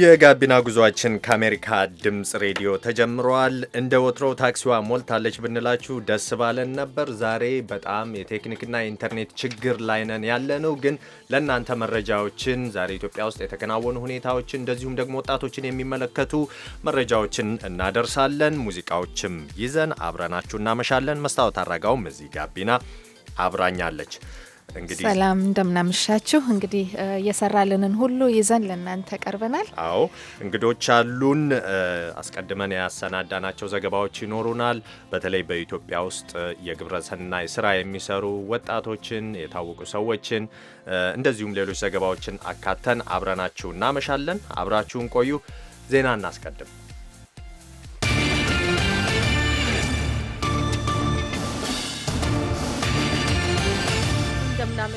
የጋቢና ጉዟችን ከአሜሪካ ድምፅ ሬዲዮ ተጀምረዋል። እንደ ወትሮ ታክሲዋ ሞልታለች ብንላችሁ ደስ ባለን ነበር። ዛሬ በጣም የቴክኒክና የኢንተርኔት ችግር ላይ ነን ያለነው፣ ግን ለእናንተ መረጃዎችን ዛሬ ኢትዮጵያ ውስጥ የተከናወኑ ሁኔታዎችን እንደዚሁም ደግሞ ወጣቶችን የሚመለከቱ መረጃዎችን እናደርሳለን። ሙዚቃዎችም ይዘን አብረናችሁ እናመሻለን። መስታወት አድራጋውም እዚህ ጋቢና አብራኛለች። እንግዲህ ሰላም እንደምናመሻችሁ። እንግዲህ የሰራልንን ሁሉ ይዘን ለእናንተ ቀርበናል። አዎ እንግዶች አሉን። አስቀድመን ያሰናዳናቸው ዘገባዎች ይኖሩናል። በተለይ በኢትዮጵያ ውስጥ የግብረሰናይ ስራ የሚሰሩ ወጣቶችን፣ የታወቁ ሰዎችን እንደዚሁም ሌሎች ዘገባዎችን አካተን አብረናችሁ እናመሻለን። አብራችሁን ቆዩ። ዜና እናስቀድም።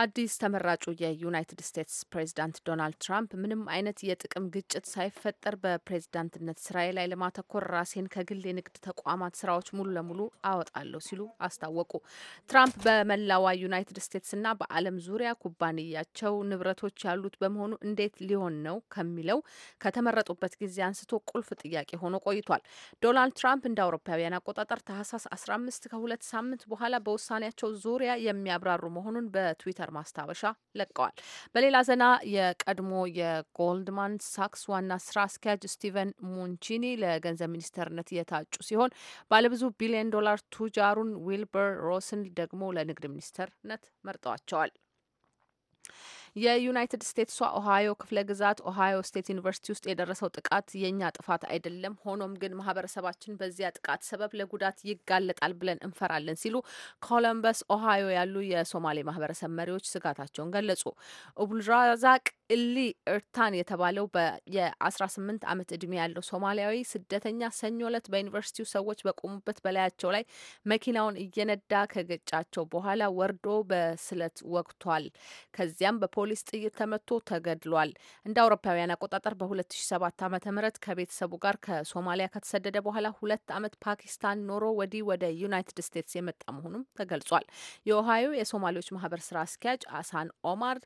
አዲስ ተመራጩ የዩናይትድ ስቴትስ ፕሬዚዳንት ዶናልድ ትራምፕ ምንም አይነት የጥቅም ግጭት ሳይፈጠር በፕሬዚዳንትነት ስራዬ ላይ ለማተኮር ራሴን ከግል የንግድ ተቋማት ስራዎች ሙሉ ለሙሉ አወጣለሁ ሲሉ አስታወቁ። ትራምፕ በመላዋ ዩናይትድ ስቴትስና በዓለም ዙሪያ ኩባንያቸው ንብረቶች ያሉት በመሆኑ እንዴት ሊሆን ነው ከሚለው ከተመረጡበት ጊዜ አንስቶ ቁልፍ ጥያቄ ሆኖ ቆይቷል። ዶናልድ ትራምፕ እንደ አውሮፓውያን አቆጣጠር ታህሳስ 15 ከሁለት ሳምንት በኋላ በውሳኔያቸው ዙሪያ የሚያብራሩ መሆኑን በትዊተር የትዊተር ማስታወሻ ለቀዋል። በሌላ ዜና የቀድሞ የጎልድማን ሳክስ ዋና ስራ አስኪያጅ ስቲቨን ሙንቺኒ ለገንዘብ ሚኒስተርነት የታጩ ሲሆን ባለብዙ ቢሊዮን ዶላር ቱጃሩን ዊልበር ሮስን ደግሞ ለንግድ ሚኒስተርነት መርጠዋቸዋል። የዩናይትድ ስቴትሷ ኦሃዮ ክፍለ ግዛት ኦሃዮ ስቴት ዩኒቨርሲቲ ውስጥ የደረሰው ጥቃት የእኛ ጥፋት አይደለም፣ ሆኖም ግን ማህበረሰባችን በዚያ ጥቃት ሰበብ ለጉዳት ይጋለጣል ብለን እንፈራለን ሲሉ ኮሎምበስ ኦሃዮ ያሉ የሶማሌ ማህበረሰብ መሪዎች ስጋታቸውን ገለጹ። አብዱልራዛቅ እሊ እርታን የተባለው የ ስምንት ዓመት ዕድሜ ያለው ሶማሊያዊ ስደተኛ ሰኞ ዕለት በዩኒቨርሲቲው ሰዎች በቆሙበት በላያቸው ላይ መኪናውን እየነዳ ከገጫቸው በኋላ ወርዶ በስለት ወቅቷል። ከዚያም በፖሊስ ጥይት ተመቶ ተገድሏል። እንደ አውሮፓውያን አቆጣጠር በ2007 ዓ ም ከቤተሰቡ ጋር ከሶማሊያ ከተሰደደ በኋላ ሁለት ዓመት ፓኪስታን ኖሮ ወዲህ ወደ ዩናይትድ ስቴትስ የመጣ መሆኑም ተገልጿል። የኦሃዮ የሶማሌዎች ማህበር ስራ አስኪያጅ አሳን ኦማር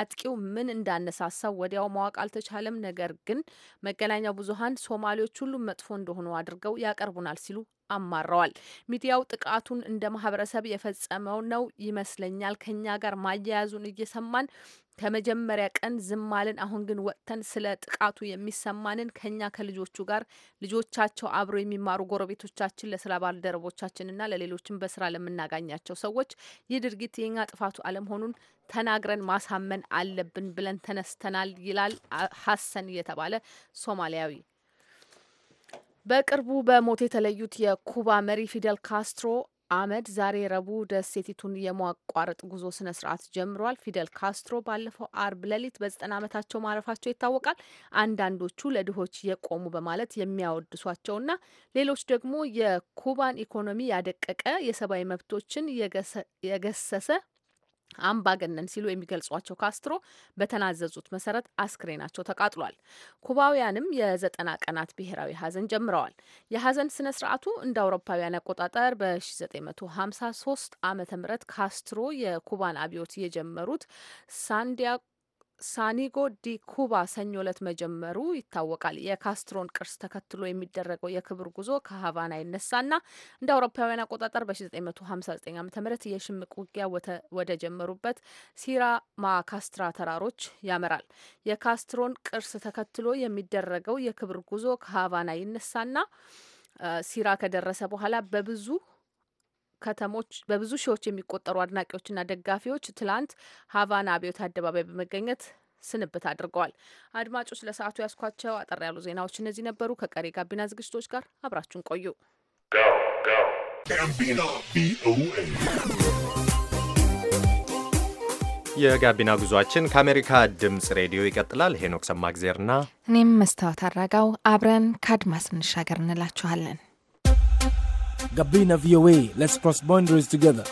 አጥቂው ምን እንዳ ስላነሳሳው ወዲያው ማወቅ አልተቻለም። ነገር ግን መገናኛ ብዙኃን ሶማሌዎች ሁሉም መጥፎ እንደሆኑ አድርገው ያቀርቡናል ሲሉ አማረዋል። ሚዲያው ጥቃቱን እንደ ማህበረሰብ የፈጸመው ነው ይመስለኛል ከኛ ጋር ማያያዙን እየሰማን ከመጀመሪያ ቀን ዝማልን አሁን ግን ወጥተን ስለ ጥቃቱ የሚሰማንን ከኛ ከልጆቹ ጋር ልጆቻቸው አብረው የሚማሩ ጎረቤቶቻችን፣ ለስራ ባልደረቦቻችንና ለሌሎችም በስራ ለምናጋኛቸው ሰዎች ይህ ድርጊት የኛ ጥፋቱ አለመሆኑን ተናግረን ማሳመን አለብን ብለን ተነስተናል ይላል ሀሰን የተባለ ሶማሊያዊ። በቅርቡ በሞት የተለዩት የኩባ መሪ ፊደል ካስትሮ አመድ ዛሬ ረቡዕ ደሴቲቱን የማቋረጥ ጉዞ ስነ ስርዓት ጀምሯል። ፊደል ካስትሮ ባለፈው አርብ ሌሊት በዘጠና ዓመታቸው ማረፋቸው ይታወቃል። አንዳንዶቹ ለድሆች የቆሙ በማለት የሚያወድሷቸውና ሌሎች ደግሞ የኩባን ኢኮኖሚ ያደቀቀ የሰብአዊ መብቶችን የገሰሰ አምባገነን ሲሉ የሚገልጿቸው ካስትሮ በተናዘዙት መሰረት አስክሬናቸው ተቃጥሏል። ኩባውያንም የዘጠና ቀናት ብሔራዊ ሀዘን ጀምረዋል። የሀዘን ስነ ስርዓቱ እንደ አውሮፓውያን አቆጣጠር በ1953 ዓ ም ካስትሮ የኩባን አብዮት የጀመሩት ሳንዲያ ሳኒጎ ዲ ኩባ ሰኞ ዕለት መጀመሩ ይታወቃል። የካስትሮን ቅርስ ተከትሎ የሚደረገው የክብር ጉዞ ከሀቫና ይነሳና እንደ አውሮፓውያን አቆጣጠር በ1959 ዓ ም የሽምቅ ውጊያ ወደ ጀመሩበት ሲራ ማካስትራ ተራሮች ያመራል። የካስትሮን ቅርስ ተከትሎ የሚደረገው የክብር ጉዞ ከሀቫና ይነሳና ሲራ ከደረሰ በኋላ በብዙ ከተሞች በብዙ ሺዎች የሚቆጠሩ አድናቂዎችና ደጋፊዎች ትላንት ሀቫና አብዮት አደባባይ በመገኘት ስንብት አድርገዋል። አድማጮች ለሰዓቱ ያስኳቸው አጠር ያሉ ዜናዎች እነዚህ ነበሩ። ከቀሪ ጋቢና ዝግጅቶች ጋር አብራችሁን ቆዩ። የጋቢና ጉዟችን ከአሜሪካ ድምፅ ሬዲዮ ይቀጥላል። ሄኖክ ሰማግዜርና እኔም መስታወት አራጋው አብረን ከአድማስ እንሻገር እንላችኋለን። Gabina VOA. Let's cross boundaries together.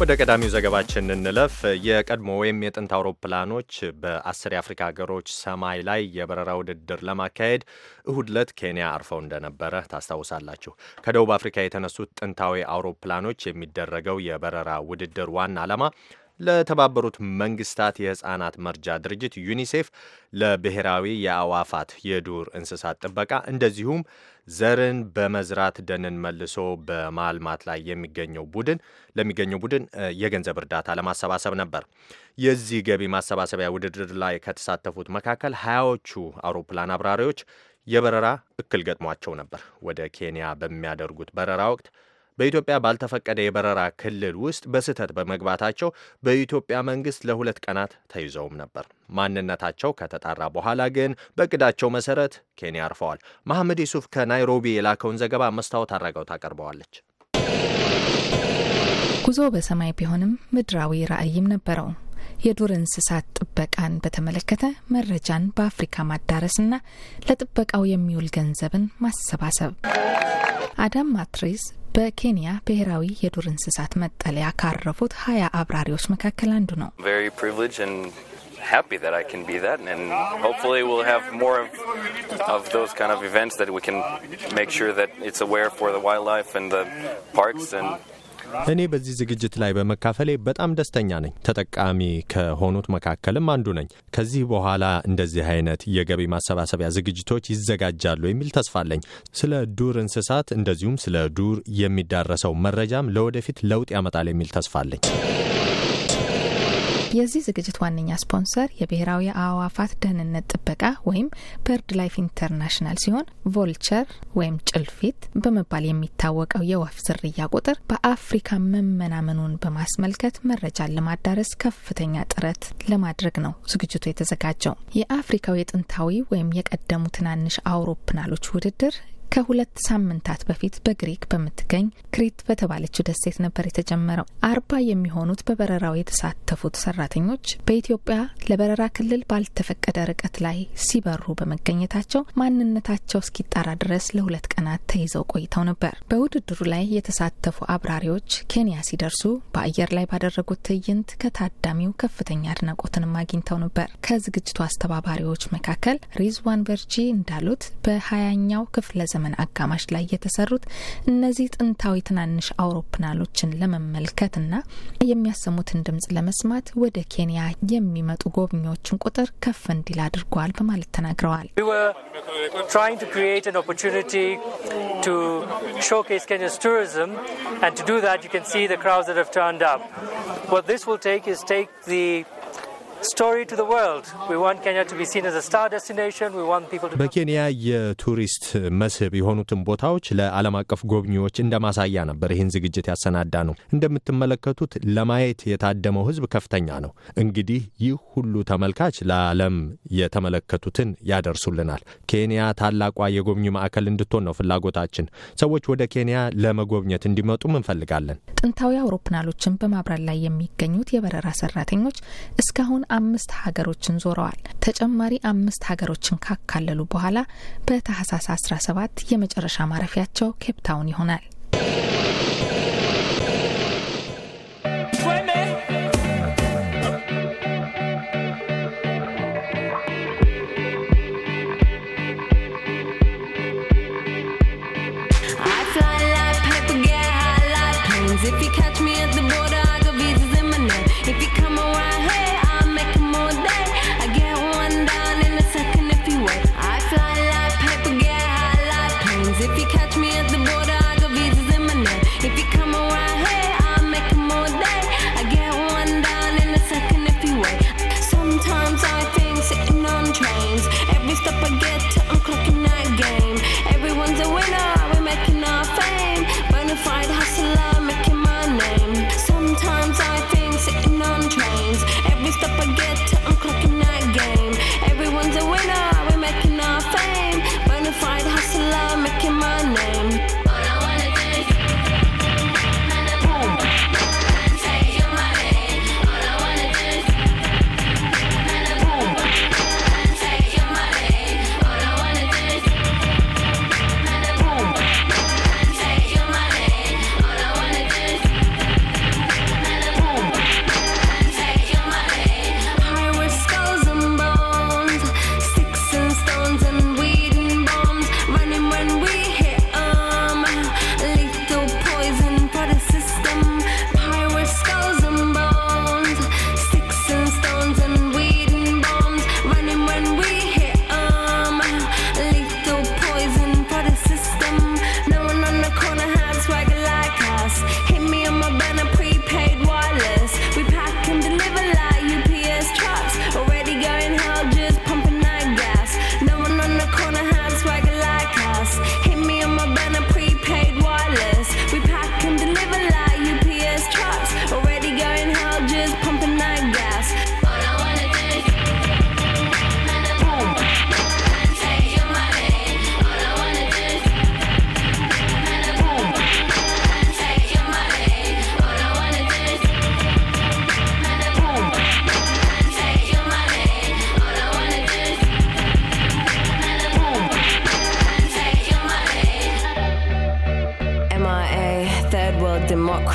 ወደ ቀዳሚው ዘገባችን እንለፍ። የቀድሞ ወይም የጥንት አውሮፕላኖች በአስር የአፍሪካ ሀገሮች ሰማይ ላይ የበረራ ውድድር ለማካሄድ እሁድ ዕለት ኬንያ አርፈው እንደነበረ ታስታውሳላችሁ። ከደቡብ አፍሪካ የተነሱት ጥንታዊ አውሮፕላኖች የሚደረገው የበረራ ውድድር ዋና ዓላማ ለተባበሩት መንግስታት የህፃናት መርጃ ድርጅት ዩኒሴፍ፣ ለብሔራዊ የአዋፋት የዱር እንስሳት ጥበቃ እንደዚሁም ዘርን በመዝራት ደንን መልሶ በማልማት ላይ የሚገኘው ቡድን ለሚገኘው ቡድን የገንዘብ እርዳታ ለማሰባሰብ ነበር። የዚህ ገቢ ማሰባሰቢያ ውድድር ላይ ከተሳተፉት መካከል ሀያዎቹ አውሮፕላን አብራሪዎች የበረራ እክል ገጥሟቸው ነበር። ወደ ኬንያ በሚያደርጉት በረራ ወቅት በኢትዮጵያ ባልተፈቀደ የበረራ ክልል ውስጥ በስህተት በመግባታቸው በኢትዮጵያ መንግስት ለሁለት ቀናት ተይዘውም ነበር። ማንነታቸው ከተጣራ በኋላ ግን በእቅዳቸው መሰረት ኬንያ አርፈዋል። መሐመድ ዩሱፍ ከናይሮቢ የላከውን ዘገባ መስታወት አድረገው ታቀርበዋለች። ጉዞ በሰማይ ቢሆንም ምድራዊ ራዕይም ነበረው። የዱር እንስሳት ጥበቃን በተመለከተ መረጃን በአፍሪካ ማዳረስና ለጥበቃው የሚውል ገንዘብን ማሰባሰብ። አዳም ማትሬስ Very privileged and happy that I can be that and hopefully we'll have more of those kind of events that we can make sure that it's aware for the wildlife and the parks and እኔ በዚህ ዝግጅት ላይ በመካፈሌ በጣም ደስተኛ ነኝ። ተጠቃሚ ከሆኑት መካከልም አንዱ ነኝ። ከዚህ በኋላ እንደዚህ አይነት የገቢ ማሰባሰቢያ ዝግጅቶች ይዘጋጃሉ የሚል ተስፋ አለኝ። ስለ ዱር እንስሳት እንደዚሁም ስለ ዱር የሚዳረሰው መረጃም ለወደፊት ለውጥ ያመጣል የሚል ተስፋ አለኝ። የዚህ ዝግጅት ዋነኛ ስፖንሰር የብሔራዊ የአዋፋት ደህንነት ጥበቃ ወይም በርድ ላይፍ ኢንተርናሽናል ሲሆን ቮልቸር ወይም ጭልፊት በመባል የሚታወቀው የወፍ ዝርያ ቁጥር በአፍሪካ መመናመኑን በማስመልከት መረጃን ለማዳረስ ከፍተኛ ጥረት ለማድረግ ነው ዝግጅቱ የተዘጋጀው። የአፍሪካው የጥንታዊ ወይም የቀደሙ ትናንሽ አውሮፕላኖች ውድድር ከሁለት ሳምንታት በፊት በግሪክ በምትገኝ ክሪት በተባለችው ደሴት ነበር የተጀመረው። አርባ የሚሆኑት በበረራው የተሳተፉት ሰራተኞች በኢትዮጵያ ለበረራ ክልል ባልተፈቀደ ርቀት ላይ ሲበሩ በመገኘታቸው ማንነታቸው እስኪጣራ ድረስ ለሁለት ቀናት ተይዘው ቆይተው ነበር። በውድድሩ ላይ የተሳተፉ አብራሪዎች ኬንያ ሲደርሱ በአየር ላይ ባደረጉት ትዕይንት ከታዳሚው ከፍተኛ አድናቆትንም አግኝተው ነበር። ከዝግጅቱ አስተባባሪዎች መካከል ሪዝዋን በርጂ እንዳሉት በሀያኛው ክፍለ ዘመን ዘመን አጋማሽ ላይ የተሰሩት እነዚህ ጥንታዊ ትናንሽ አውሮፕላኖችን ለመመልከትና የሚያሰሙትን ድምጽ ለመስማት ወደ ኬንያ የሚመጡ ጎብኚዎችን ቁጥር ከፍ እንዲል አድርጓል በማለት ተናግረዋል። ቱሪዝም በኬንያ የቱሪስት መስህብ የሆኑትን ቦታዎች ለዓለም አቀፍ ጎብኚዎች እንደ ማሳያ ነበር ይህን ዝግጅት ያሰናዳ ነው። እንደምትመለከቱት ለማየት የታደመው ህዝብ ከፍተኛ ነው። እንግዲህ ይህ ሁሉ ተመልካች ለዓለም የተመለከቱትን ያደርሱልናል። ኬንያ ታላቋ የጎብኚ ማዕከል እንድትሆን ነው ፍላጎታችን። ሰዎች ወደ ኬንያ ለመጎብኘት እንዲመጡም እንፈልጋለን። ጥንታዊ አውሮፕላኖችን በማብራት ላይ የሚገኙት የበረራ ሰራተኞች እስካሁን አምስት ሀገሮችን ዞረዋል። ተጨማሪ አምስት ሀገሮችን ካካለሉ በኋላ በታህሳስ 17 የመጨረሻ ማረፊያቸው ኬፕታውን ይሆናል። If you catch me at the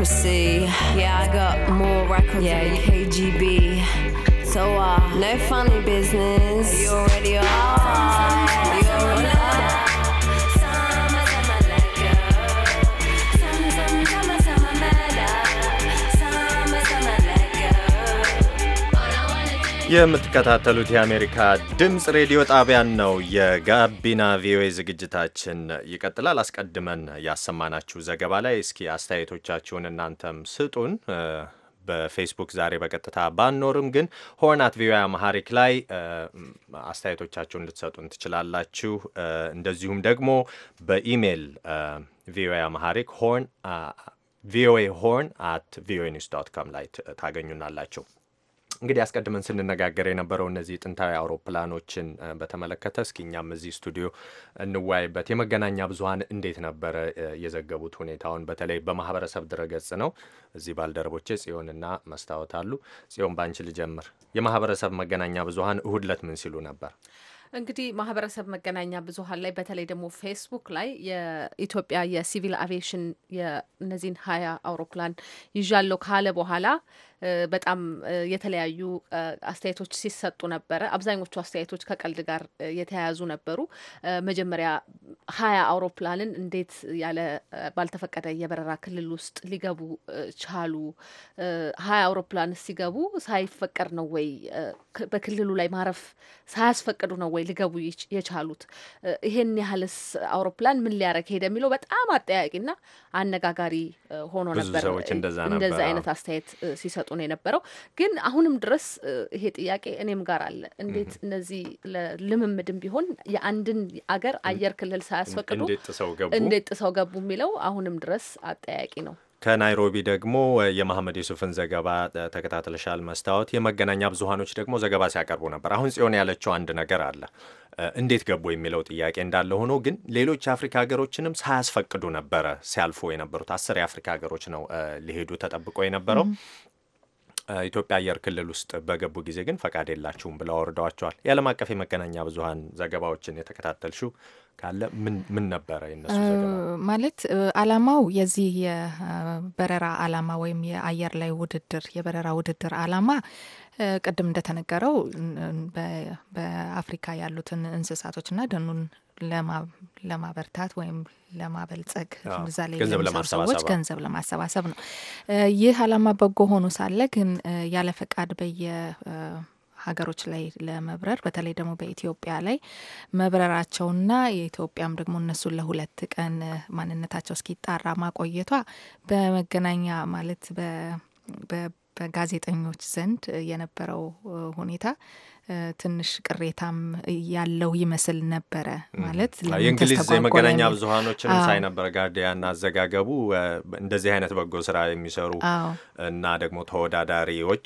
democracy. Yeah, I got more records yeah, than KGB. So, uh, no funny business. you already are. የምትከታተሉት የአሜሪካ ድምፅ ሬዲዮ ጣቢያን ነው። የጋቢና ቪኦኤ ዝግጅታችን ይቀጥላል። አስቀድመን ያሰማናችሁ ዘገባ ላይ እስኪ አስተያየቶቻችሁን እናንተም ስጡን። በፌስቡክ ዛሬ በቀጥታ ባንኖርም ግን ሆርናት ቪኦኤ አማሃሪክ ላይ አስተያየቶቻችሁን ልትሰጡን ትችላላችሁ። እንደዚሁም ደግሞ በኢሜይል ቪኦኤ አማሃሪክ ሆርን ቪኦኤ ሆርን አት ቪኦኤ ኒውስ ዶት ካም ላይ ታገኙናላችሁ። እንግዲህ አስቀድመን ስንነጋገር የነበረው እነዚህ ጥንታዊ አውሮፕላኖችን በተመለከተ እስኪ እኛም እዚህ ስቱዲዮ እንወያይበት። የመገናኛ ብዙኃን እንዴት ነበረ የዘገቡት ሁኔታውን? በተለይ በማህበረሰብ ድረገጽ ነው። እዚህ ባልደረቦቼ ጽዮንና መስታወት አሉ። ጽዮን ባንቺ ልጀምር። የማህበረሰብ መገናኛ ብዙኃን እሁድ ዕለት ምን ሲሉ ነበር? እንግዲህ ማህበረሰብ መገናኛ ብዙሀን ላይ በተለይ ደግሞ ፌስቡክ ላይ የኢትዮጵያ የሲቪል አቪዬሽን የእነዚህን ሀያ አውሮፕላን ይዣለሁ ካለ በኋላ በጣም የተለያዩ አስተያየቶች ሲሰጡ ነበረ። አብዛኞቹ አስተያየቶች ከቀልድ ጋር የተያያዙ ነበሩ። መጀመሪያ ሀያ አውሮፕላንን እንዴት ያለ ባልተፈቀደ የበረራ ክልል ውስጥ ሊገቡ ቻሉ? ሀያ አውሮፕላን ሲገቡ ሳይፈቀድ ነው ወይ በክልሉ ላይ ማረፍ ሳያስፈቅዱ ነው ወይ ሊገቡ የቻሉት? ይሄን ያህልስ አውሮፕላን ምን ሊያረግ ሄደ የሚለው በጣም አጠያቂና አነጋጋሪ ሆኖ ነበር። እንደዛ አይነት አስተያየት ሲሰጡ ነው የነበረው። ግን አሁንም ድረስ ይሄ ጥያቄ እኔም ጋር አለ። እንዴት እነዚህ ለልምምድም ቢሆን የአንድን አገር አየር ክልል ሳያስፈቅዱ እንዴት ጥሰው ገቡ የሚለው አሁንም ድረስ አጠያቂ ነው። ከናይሮቢ ደግሞ የመሐመድ ዩሱፍን ዘገባ ተከታትለሻል መስታወት። የመገናኛ ብዙሀኖች ደግሞ ዘገባ ሲያቀርቡ ነበር። አሁን ጽዮን ያለችው አንድ ነገር አለ። እንዴት ገቡ የሚለው ጥያቄ እንዳለ ሆኖ ግን ሌሎች የአፍሪካ ሀገሮችንም ሳያስፈቅዱ ነበረ ሲያልፉ የነበሩት። አስር የአፍሪካ ሀገሮች ነው ሊሄዱ ተጠብቆ የነበረው ኢትዮጵያ አየር ክልል ውስጥ በገቡ ጊዜ ግን ፈቃድ የላችሁም ብለው አወርደዋቸዋል። የዓለም አቀፍ የመገናኛ ብዙኃን ዘገባዎችን የተከታተልሹ ካለ ምን ነበረ የነሱ ዘገባ? ማለት አላማው የዚህ የበረራ አላማ ወይም የአየር ላይ ውድድር የበረራ ውድድር አላማ ቅድም እንደተነገረው በአፍሪካ ያሉትን እንስሳቶችና ደኑን ለማበርታት ወይም ለማበልጸግ እዛ ላይ ሰዎች ገንዘብ ለማሰባሰብ ነው። ይህ አላማ በጎ ሆኖ ሳለ ግን ያለ ፈቃድ በየ ሀገሮች ላይ ለመብረር በተለይ ደግሞ በኢትዮጵያ ላይ መብረራቸውና የኢትዮጵያም ደግሞ እነሱን ለሁለት ቀን ማንነታቸው እስኪጣራ ማቆየቷ በመገናኛ ማለት በጋዜጠኞች ዘንድ የነበረው ሁኔታ ትንሽ ቅሬታም ያለው ይመስል ነበረ። ማለት የእንግሊዝ የመገናኛ ብዙሀኖችንም ሳይ ነበረ ጋርዲያን አዘጋገቡ እንደዚህ አይነት በጎ ስራ የሚሰሩ እና ደግሞ ተወዳዳሪዎች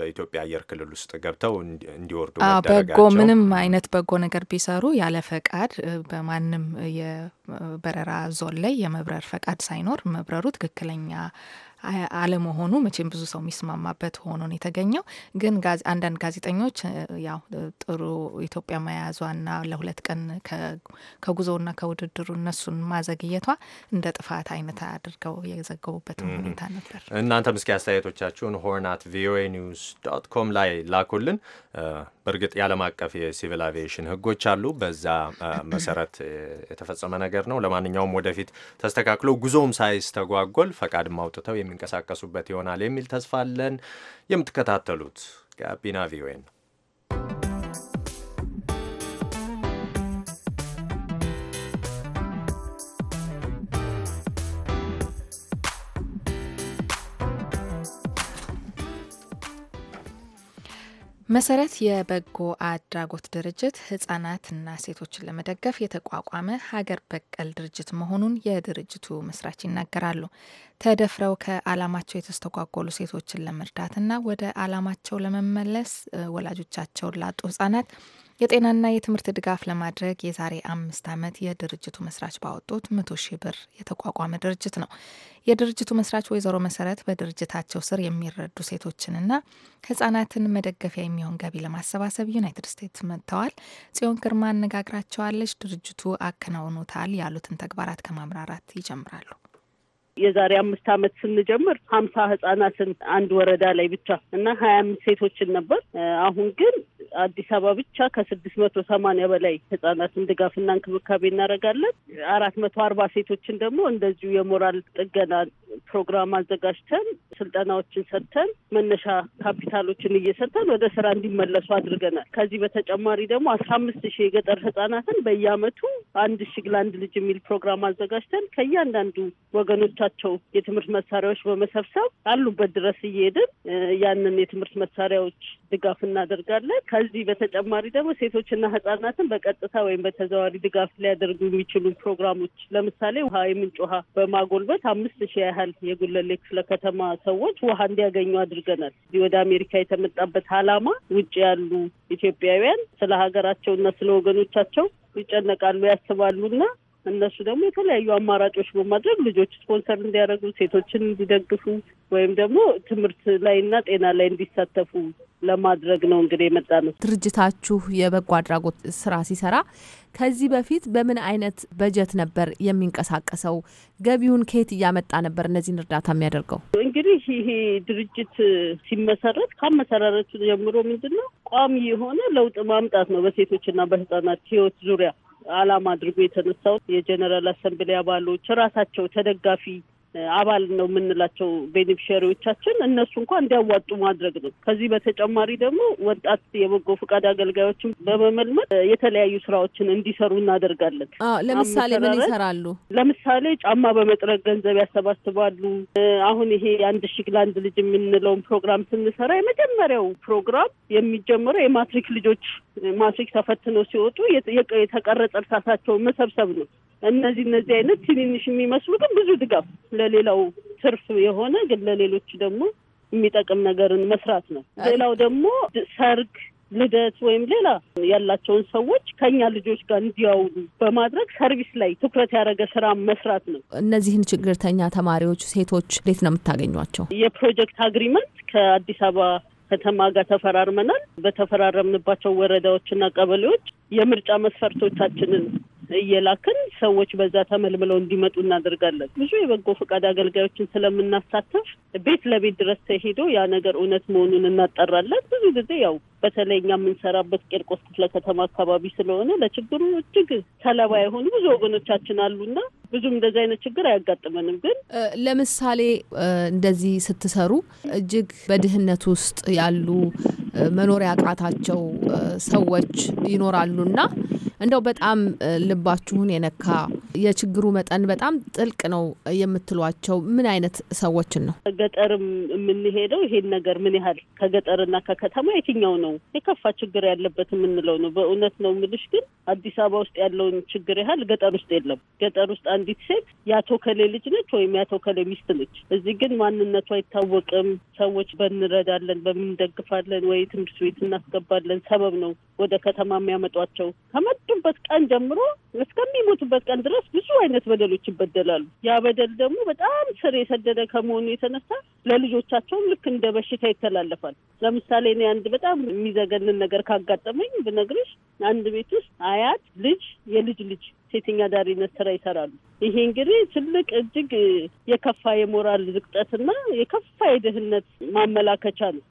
በኢትዮጵያ አየር ክልል ውስጥ ገብተው እንዲወርዱ በጎ ምንም አይነት በጎ ነገር ቢሰሩ ያለ ፈቃድ በማንም የበረራ ዞን ላይ የመብረር ፈቃድ ሳይኖር መብረሩ ትክክለኛ አለመሆኑ መቼም ብዙ ሰው የሚስማማበት ሆኖ ነው የተገኘው። ግን አንዳንድ ጋዜጠኞች ያው ጥሩ ኢትዮጵያ መያዟና ለሁለት ቀን ከጉዞና ከውድድሩ እነሱን ማዘግየቷ እንደ ጥፋት አይነት አድርገው የዘገቡበትም ሁኔታ ነበር። እናንተም እስኪ አስተያየቶቻችሁን ሆርናት አት ቪኦኤ ኒውስ ዶት ኮም ላይ ላኩልን። በእርግጥ የዓለም አቀፍ የሲቪል አቪዬሽን ህጎች አሉ። በዛ መሰረት የተፈጸመ ነገር ነው። ለማንኛውም ወደፊት ተስተካክሎ ጉዞውም ሳይስተጓጎል ፈቃድም አውጥተው የሚ የሚንቀሳቀሱበት ይሆናል የሚል ተስፋ አለን። የምትከታተሉት ጋቢና ቪኦኤ ነው። መሰረት የበጎ አድራጎት ድርጅት ህጻናትና ሴቶችን ለመደገፍ የተቋቋመ ሀገር በቀል ድርጅት መሆኑን የድርጅቱ መስራች ይናገራሉ። ተደፍረው ከአላማቸው የተስተጓጎሉ ሴቶችን ለመርዳትና ወደ አላማቸው ለመመለስ ወላጆቻቸውን ላጡ ህጻናት የጤናና የትምህርት ድጋፍ ለማድረግ የዛሬ አምስት ዓመት የድርጅቱ መስራች ባወጡት መቶ ሺህ ብር የተቋቋመ ድርጅት ነው። የድርጅቱ መስራች ወይዘሮ መሰረት በድርጅታቸው ስር የሚረዱ ሴቶችንና ህጻናትን መደገፊያ የሚሆን ገቢ ለማሰባሰብ ዩናይትድ ስቴትስ መጥተዋል። ጽዮን ግርማ አነጋግራቸዋለች። ድርጅቱ አከናውኑታል ያሉትን ተግባራት ከማምራራት ይጀምራሉ። የዛሬ አምስት ዓመት ስንጀምር ሀምሳ ህጻናትን አንድ ወረዳ ላይ ብቻ እና ሀያ አምስት ሴቶችን ነበር። አሁን ግን አዲስ አበባ ብቻ ከስድስት መቶ ሰማንያ በላይ ህጻናትን ድጋፍና እንክብካቤ እናደርጋለን። አራት መቶ አርባ ሴቶችን ደግሞ እንደዚሁ የሞራል ጥገና ፕሮግራም አዘጋጅተን ስልጠናዎችን ሰጥተን መነሻ ካፒታሎችን እየሰጠን ወደ ስራ እንዲመለሱ አድርገናል። ከዚህ በተጨማሪ ደግሞ አስራ አምስት ሺህ የገጠር ህጻናትን በየአመቱ አንድ ሺህ ለአንድ ልጅ የሚል ፕሮግራም አዘጋጅተን ከእያንዳንዱ ወገኖች የራሳቸው የትምህርት መሳሪያዎች በመሰብሰብ አሉበት ድረስ እየሄድን ያንን የትምህርት መሳሪያዎች ድጋፍ እናደርጋለን። ከዚህ በተጨማሪ ደግሞ ሴቶችና ህጻናትን በቀጥታ ወይም በተዘዋዋሪ ድጋፍ ሊያደርጉ የሚችሉ ፕሮግራሞች ለምሳሌ ውሃ የምንጭ ውሃ በማጎልበት አምስት ሺህ ያህል የጉለሌ ክፍለ ከተማ ሰዎች ውሃ እንዲያገኙ አድርገናል። ወደ አሜሪካ የተመጣበት አላማ ውጭ ያሉ ኢትዮጵያውያን ስለ ሀገራቸውና ስለ ወገኖቻቸው ይጨነቃሉ፣ ያስባሉና እነሱ ደግሞ የተለያዩ አማራጮች በማድረግ ልጆች ስፖንሰር እንዲያደርጉ፣ ሴቶችን እንዲደግፉ ወይም ደግሞ ትምህርት ላይና ጤና ላይ እንዲሳተፉ ለማድረግ ነው እንግዲህ የመጣ ነው። ድርጅታችሁ የበጎ አድራጎት ስራ ሲሰራ ከዚህ በፊት በምን አይነት በጀት ነበር የሚንቀሳቀሰው? ገቢውን ከየት እያመጣ ነበር እነዚህን እርዳታ የሚያደርገው? እንግዲህ ይሄ ድርጅት ሲመሰረት ከአመሰራረቱ ጀምሮ ምንድን ነው ቋሚ የሆነ ለውጥ ማምጣት ነው በሴቶችና በህጻናት ህይወት ዙሪያ አላማ አድርጎ የተነሳው የጀነራል አሰምብሊ አባሎች ራሳቸው ተደጋፊ አባል ነው የምንላቸው ቤኔፊሻሪዎቻችን እነሱ እንኳን እንዲያዋጡ ማድረግ ነው። ከዚህ በተጨማሪ ደግሞ ወጣት የበጎ ፈቃድ አገልጋዮችን በመመልመል የተለያዩ ስራዎችን እንዲሰሩ እናደርጋለን። ለምሳሌ ምን ይሰራሉ? ለምሳሌ ጫማ በመጥረግ ገንዘብ ያሰባስባሉ። አሁን ይሄ አንድ ሺህ ለአንድ ልጅ የምንለውን ፕሮግራም ስንሰራ የመጀመሪያው ፕሮግራም የሚጀምረው የማትሪክ ልጆች ማትሪክ ተፈትነው ሲወጡ የተቀረጸ እርሳሳቸውን መሰብሰብ ነው። እነዚህ እነዚህ አይነት ትንንሽ የሚመስሉ ግን ብዙ ድጋፍ ለሌላው ትርፍ የሆነ ግን ለሌሎች ደግሞ የሚጠቅም ነገርን መስራት ነው። ሌላው ደግሞ ሰርግ፣ ልደት ወይም ሌላ ያላቸውን ሰዎች ከኛ ልጆች ጋር እንዲያውሉ በማድረግ ሰርቪስ ላይ ትኩረት ያደረገ ስራ መስራት ነው። እነዚህን ችግርተኛ ተማሪዎች ሴቶች እንዴት ነው የምታገኟቸው? የፕሮጀክት አግሪመንት ከአዲስ አበባ ከተማ ጋር ተፈራርመናል። በተፈራረምንባቸው ወረዳዎችና ቀበሌዎች የምርጫ መስፈርቶቻችንን እየላክን ሰዎች በዛ ተመልምለው እንዲመጡ እናደርጋለን። ብዙ የበጎ ፈቃድ አገልጋዮችን ስለምናሳተፍ ቤት ለቤት ድረስ ተሄዶ ያ ነገር እውነት መሆኑን እናጠራለን። ብዙ ጊዜ ያው በተለይ እኛ የምንሰራበት ቄርቆስ ክፍለ ከተማ አካባቢ ስለሆነ ለችግሩ እጅግ ሰለባ የሆኑ ብዙ ወገኖቻችን አሉና ብዙም እንደዚህ አይነት ችግር አያጋጥመንም። ግን ለምሳሌ እንደዚህ ስትሰሩ እጅግ በድህነት ውስጥ ያሉ መኖሪያ ቃታቸው ሰዎች ይኖራሉና እንደው በጣም ልባችሁን የነካ የችግሩ መጠን በጣም ጥልቅ ነው የምትሏቸው ምን አይነት ሰዎችን ነው? ገጠርም የምንሄደው ይሄን ነገር ምን ያህል ከገጠርና ከከተማ የትኛው ነው የከፋ ችግር ያለበት የምንለው ነው። በእውነት ነው ምልሽ ግን አዲስ አበባ ውስጥ ያለውን ችግር ያህል ገጠር ውስጥ የለም። ገጠር ውስጥ አንዲት ሴት የአቶ ከሌ ልጅ ነች ወይም የአቶ ከሌ ሚስት ነች። እዚህ ግን ማንነቱ አይታወቅም። ሰዎች በንረዳለን፣ በምንደግፋለን ወይ ትምህርት ቤት እናስገባለን ሰበብ ነው ወደ ከተማ የሚያመጧቸው ከመጡ ከተወለዱበት ቀን ጀምሮ እስከሚሞቱበት ቀን ድረስ ብዙ አይነት በደሎች ይበደላሉ። ያ በደል ደግሞ በጣም ስር የሰደደ ከመሆኑ የተነሳ ለልጆቻቸውም ልክ እንደ በሽታ ይተላለፋል። ለምሳሌ እኔ አንድ በጣም የሚዘገንን ነገር ካጋጠመኝ ብነግርሽ፣ አንድ ቤት ውስጥ አያት ልጅ የልጅ ልጅ ሴተኛ አዳሪነት ስራ ይሰራሉ። ይሄ እንግዲህ ትልቅ እጅግ የከፋ የሞራል ዝቅጠትና የከፋ የድህነት ማመላከቻ ነው።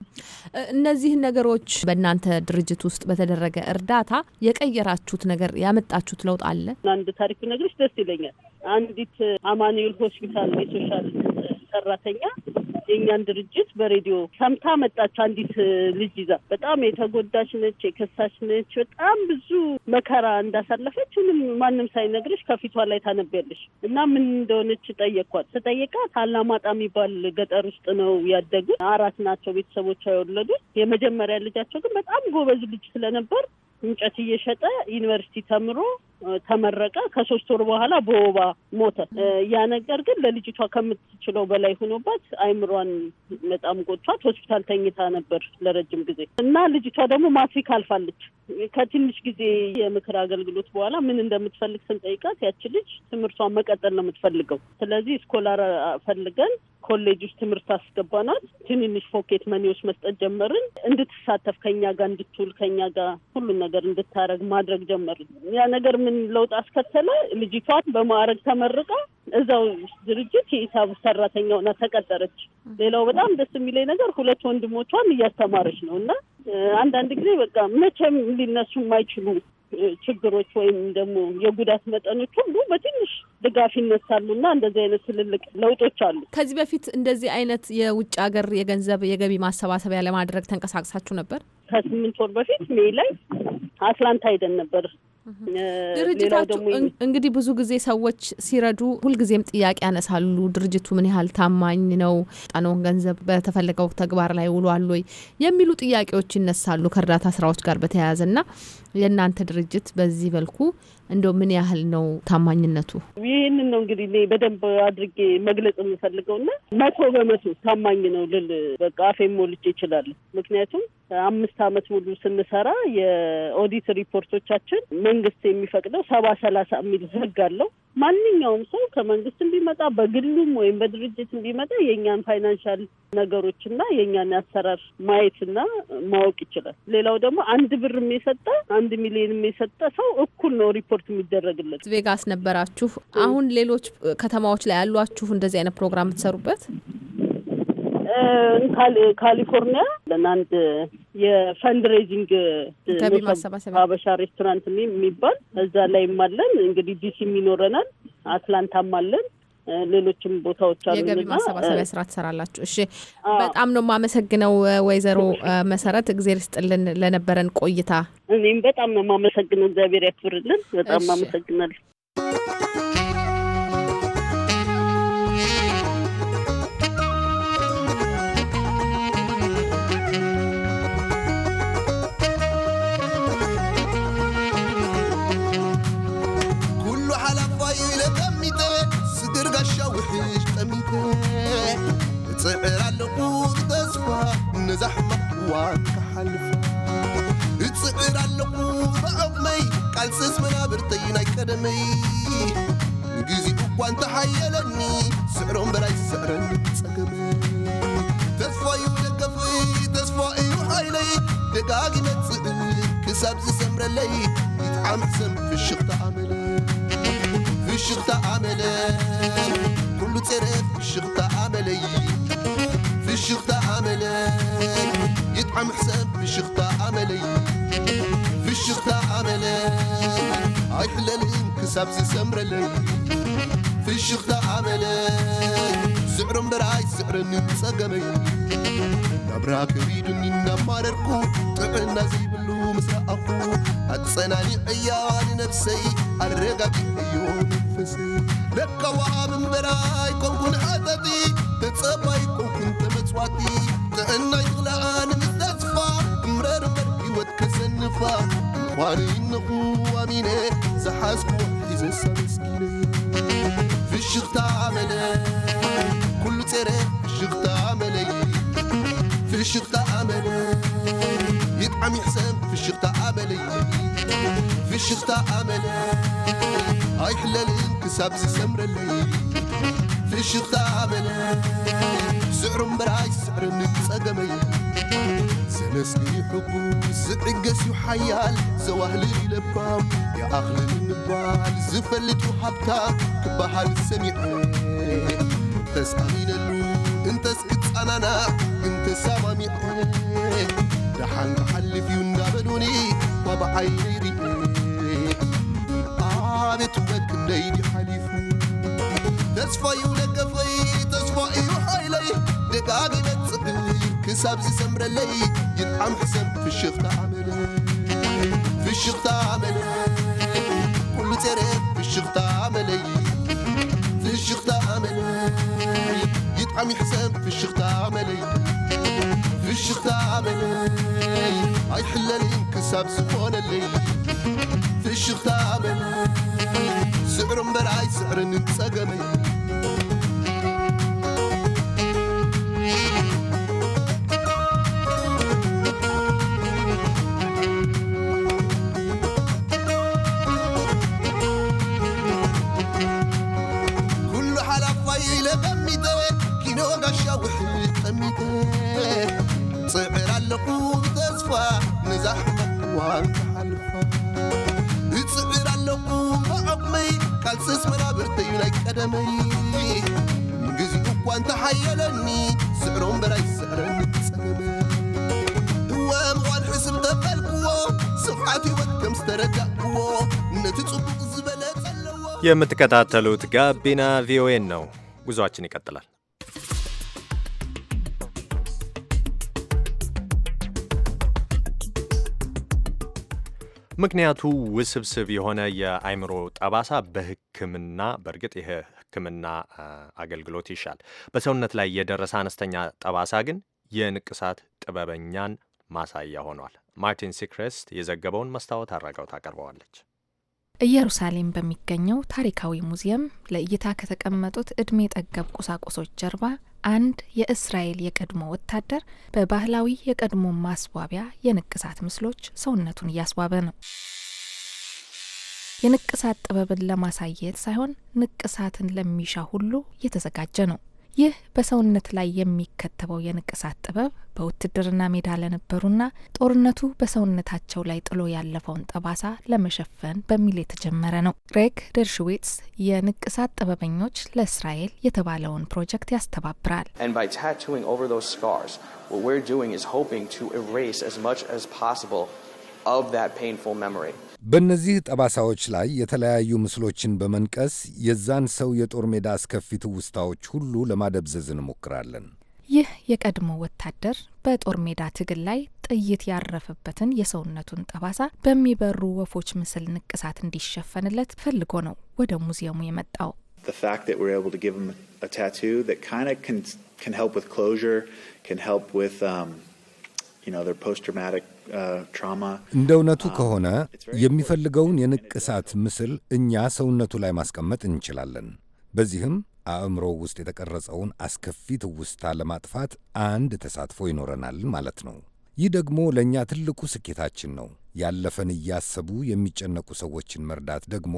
እነዚህ ነገሮች በእናንተ ድርጅት ውስጥ በተደረገ እርዳታ የቀየራችሁት ነገር ያመጣችሁት ለውጥ አለ? አንድ ታሪክ ነገሮች ደስ ይለኛል። አንዲት አማኑኤል ሆስፒታል የሶሻል ሰራተኛ የእኛን ድርጅት በሬዲዮ ሰምታ መጣች። አንዲት ልጅ ይዛ በጣም የተጎዳች ነች፣ የከሳች ነች። በጣም ብዙ መከራ እንዳሳለፈች ምንም ማንም ሳይነግርሽ ከፊቷ ላይ ታነቢያለሽ እና ምን እንደሆነች ጠየኳት። ስጠይቃት አላማጣ የሚባል ገጠር ውስጥ ነው ያደጉት። አራት ናቸው ቤተሰቦች የወለዱት። የመጀመሪያ ልጃቸው ግን በጣም ጎበዝ ልጅ ስለነበር እንጨት እየሸጠ ዩኒቨርሲቲ ተምሮ ተመረቀ። ከሶስት ወር በኋላ በወባ ሞተ። ያ ነገር ግን ለልጅቷ ከምትችለው በላይ ሆኖባት አይምሯን በጣም ጎቷት ሆስፒታል ተኝታ ነበር ለረጅም ጊዜ እና ልጅቷ ደግሞ ማትሪክ አልፋለች። ከትንሽ ጊዜ የምክር አገልግሎት በኋላ ምን እንደምትፈልግ ስንጠይቃት ያች ልጅ ትምህርቷን መቀጠል ነው የምትፈልገው። ስለዚህ ስኮላር ፈልገን ኮሌጅ ውስጥ ትምህርት አስገባናት። ትንንሽ ፎኬት መኔዎች መስጠት ጀመርን። እንድትሳተፍ ከኛ ጋር እንድትውል ከኛ ጋር ሁሉን ነገር እንድታረግ ማድረግ ጀመርን። ያ ነገር ምን ምን ለውጥ አስከተለ? ልጅቷን በማዕረግ ተመርቃ እዛው ድርጅት የሂሳብ ሰራተኛ ሆና ተቀጠረች። ሌላው በጣም ደስ የሚለኝ ነገር ሁለት ወንድሞቿን እያስተማረች ነው እና አንዳንድ ጊዜ በቃ መቼም ሊነሱ የማይችሉ ችግሮች ወይም ደግሞ የጉዳት መጠኖች ሁሉ በትንሽ ድጋፍ እና እንደዚህ አይነት ትልልቅ ለውጦች አሉ። ከዚህ በፊት እንደዚህ አይነት የውጭ ሀገር የገንዘብ የገቢ ማሰባሰቢያ ለማድረግ ተንቀሳቅሳችሁ ነበር? ከስምንት ወር በፊት ሜይ ላይ አትላንታ ሄደን ነበር ድርጅታችሁ እንግዲህ ብዙ ጊዜ ሰዎች ሲረዱ ሁልጊዜም ጥያቄ ያነሳሉ። ድርጅቱ ምን ያህል ታማኝ ነው? ጣነውን ገንዘብ በተፈለገው ተግባር ላይ ውሏል ወይ የሚሉ ጥያቄዎች ይነሳሉ ከእርዳታ ስራዎች ጋር በተያያዘ እና የእናንተ ድርጅት በዚህ መልኩ እንደው ምን ያህል ነው ታማኝነቱ? ይህንን ነው እንግዲህ እኔ በደንብ አድርጌ መግለጽ የምፈልገው እና መቶ በመቶ ታማኝ ነው ልል በቃ አፌን ሞልቼ ይችላል። ምክንያቱም አምስት ዓመት ሙሉ ስንሰራ የኦዲት ሪፖርቶቻችን መንግስት የሚፈቅደው ሰባ ሰላሳ የሚል ህግ አለው። ማንኛውም ሰው ከመንግስት ቢመጣ በግሉም ወይም በድርጅት ቢመጣ የእኛን ፋይናንሻል ነገሮችና የእኛን አሰራር ማየትና ማወቅ ይችላል። ሌላው ደግሞ አንድ ብር የሰጠ አንድ ሚሊዮን የሰጠ ሰው እኩል ነው ሪፖርት ሰፖርት የሚደረግለት ቬጋስ ነበራችሁ። አሁን ሌሎች ከተማዎች ላይ ያሏችሁ እንደዚህ አይነት ፕሮግራም የምትሰሩበት? ካሊፎርኒያ ለናንድ የፈንድሬዚንግ ሀበሻ ሬስቶራንት የሚባል እዛ ላይም አለን። እንግዲህ ዲሲም ይኖረናል፣ አትላንታም አለን። ሌሎችም ቦታዎች አሉ። የገቢ ማሰባሰቢያ ስራ ትሰራላችሁ። እሺ፣ በጣም ነው የማመሰግነው ወይዘሮ መሰረት፣ እግዜር ስጥልን ለነበረን ቆይታ። እኔም በጣም ነው የማመሰግነው። እግዚአብሔር ያክብርልን። በጣም ማመሰግናለሁ። قدمي نجيزي وانت حيلني سعرهم براي سعرني تسقمي تسفاي ودقفي تسفاي وحيلي دقاقي ما تسقمي كساب زسمر لي يتعام حسن في الشيخ تعاملي في الشيخ تعاملي كله ترف في الشيخ تعاملي في الشيخ تعاملي يتعام حسن في الشيخ سبس سمر لن في الشيخ ده عمل سعر مدرعي سعر نتسقمي نبرا كبير نينا ماركو تعنا زي بلو مساء أخو هتصناني عيال نفسي الرقا بيو نفسي لك وعام مدرعي كون كون عدبي تتصبعي كون كون تمتواتي تعنا يغلعان نتسفا مرر مركي واتكسن نفا واني نقو أمينة زحاسكو እንስሳ ምስኪነ ፍሽኽታ ዓመለ ኩሉ ፀረ ፍሽኽታ ዓመለይ ፍሽኽታ ዓመለ ይጥዓም ይሕሰብ ፍሽኽታ ዓመለይ ፍሽኽታ ዓመለ ኣይሕለልን ክሳብ ዝሰምረለይ ፍሽኽታ ዓመለ ስዕሩ እምበራይ ስዕርን ፀገመይ زمسني حب زعقس وحيال زواهل لبام يا أخل النبال زفلت وحبتا كبها للسميع تسألين اللو انت سكت أنا انت سامي دحن حل في النابلوني وبعيني ريئ قابت آه، بك ليدي حليفو تسفى يولك فيه تسفى يوحي إيوه لي دقاقي سبزي سمر اللي يطعم حسب في الشيخ تعمل في الشيخ تعمل كل تريب في الشيخ تعمل في الشيخ تعمل يطعم حسب في الشيخ تعمل في الشيخ تعمل اي حلالي كساب سخون اللي في الشيخ تعمل سعر مبرعي سعر نتسقمي ተስፋ ተሓልፋ ኣለኹ መናብርተዩ ናይ ቀደመይ እኳ እንተሓየለኒ ፀገመ ተፈልክዎ ስብዓት ከም ዝተረዳእክዎ ነቲ ዝበለ የምትከታተሉት ጋቢና ቪኦኤን ነው። ጉዞአችን ይቀጥላል። ምክንያቱ ውስብስብ የሆነ የአይምሮ ጠባሳ በሕክምና በእርግጥ ይህ ሕክምና አገልግሎት ይሻል። በሰውነት ላይ የደረሰ አነስተኛ ጠባሳ ግን የንቅሳት ጥበበኛን ማሳያ ሆኗል። ማርቲን ሲክሬስት የዘገበውን መስታወት አድራጋው ታቀርበዋለች። ኢየሩሳሌም በሚገኘው ታሪካዊ ሙዚየም ለእይታ ከተቀመጡት ዕድሜ ጠገብ ቁሳቁሶች ጀርባ አንድ የእስራኤል የቀድሞ ወታደር በባህላዊ የቀድሞ ማስዋቢያ የንቅሳት ምስሎች ሰውነቱን እያስዋበ ነው። የንቅሳት ጥበብን ለማሳየት ሳይሆን ንቅሳትን ለሚሻ ሁሉ እየተዘጋጀ ነው። ይህ በሰውነት ላይ የሚከተበው የንቅሳት ጥበብ በውትድርና ሜዳ ለነበሩና ጦርነቱ በሰውነታቸው ላይ ጥሎ ያለፈውን ጠባሳ ለመሸፈን በሚል የተጀመረ ነው። ግሬግ ደርሽዊትስ የንቅሳት ጥበበኞች ለእስራኤል የተባለውን ፕሮጀክት ያስተባብራል። ስ በእነዚህ ጠባሳዎች ላይ የተለያዩ ምስሎችን በመንቀስ የዛን ሰው የጦር ሜዳ አስከፊ ትውስታዎች ሁሉ ለማደብዘዝ እንሞክራለን። ይህ የቀድሞ ወታደር በጦር ሜዳ ትግል ላይ ጥይት ያረፈበትን የሰውነቱን ጠባሳ በሚበሩ ወፎች ምስል ንቅሳት እንዲሸፈንለት ፈልጎ ነው ወደ ሙዚየሙ የመጣው። Uh, እንደ እውነቱ um, ከሆነ የሚፈልገውን የንቅሳት ምስል እኛ ሰውነቱ ላይ ማስቀመጥ እንችላለን። በዚህም አእምሮ ውስጥ የተቀረጸውን አስከፊ ትውስታ ለማጥፋት አንድ ተሳትፎ ይኖረናል ማለት ነው። ይህ ደግሞ ለእኛ ትልቁ ስኬታችን ነው። ያለፈን እያሰቡ የሚጨነቁ ሰዎችን መርዳት ደግሞ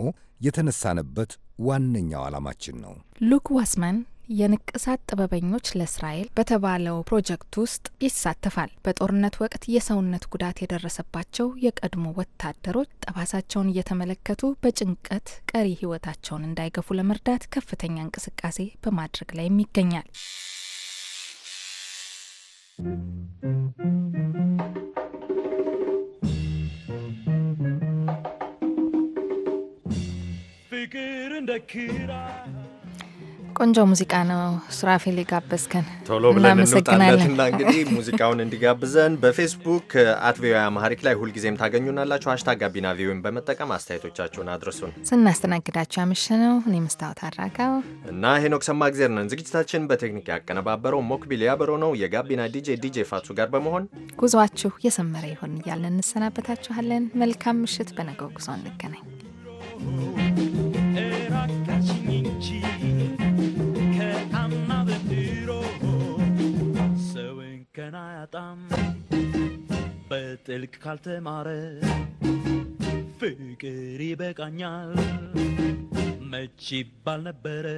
የተነሳንበት ዋነኛው ዓላማችን ነው። ሉክ ዋስማን የንቅሳት ጥበበኞች ለእስራኤል በተባለው ፕሮጀክት ውስጥ ይሳተፋል። በጦርነት ወቅት የሰውነት ጉዳት የደረሰባቸው የቀድሞ ወታደሮች ጠባሳቸውን እየተመለከቱ በጭንቀት ቀሪ ሕይወታቸውን እንዳይገፉ ለመርዳት ከፍተኛ እንቅስቃሴ በማድረግ ላይም ይገኛል። ፍቅር እንደ ቆንጆ ሙዚቃ ነው ስራፌል የጋበዝከን። ቶሎ ብለን እንውጣለትና እንግዲህ ሙዚቃውን እንዲጋብዘን በፌስቡክ አት ቪኦኤ አማሪክ ላይ ሁልጊዜም ታገኙናላችሁ። ሀሽታግ ጋቢና ቪኦኤን በመጠቀም አስተያየቶቻችሁን አድርሱን። ስናስተናግዳችሁ ያመሸነው ነው። እኔ መስታወት አድራጋው እና ሄኖክ ሰማ ጊዜር ነን። ዝግጅታችን በቴክኒክ ያቀነባበረው ሞክቢል ያበረው ነው። የጋቢና ዲጄ ዲጄ ፋቱ ጋር በመሆን ጉዟችሁ የሰመረ ይሆን እያልን እንሰናበታችኋለን። መልካም ምሽት። በነገው ጉዞ እንገናኝ። አያጣም በጥልቅ ካልተማረ ፍቅር ይበቃኛል መች ይባል ነበረ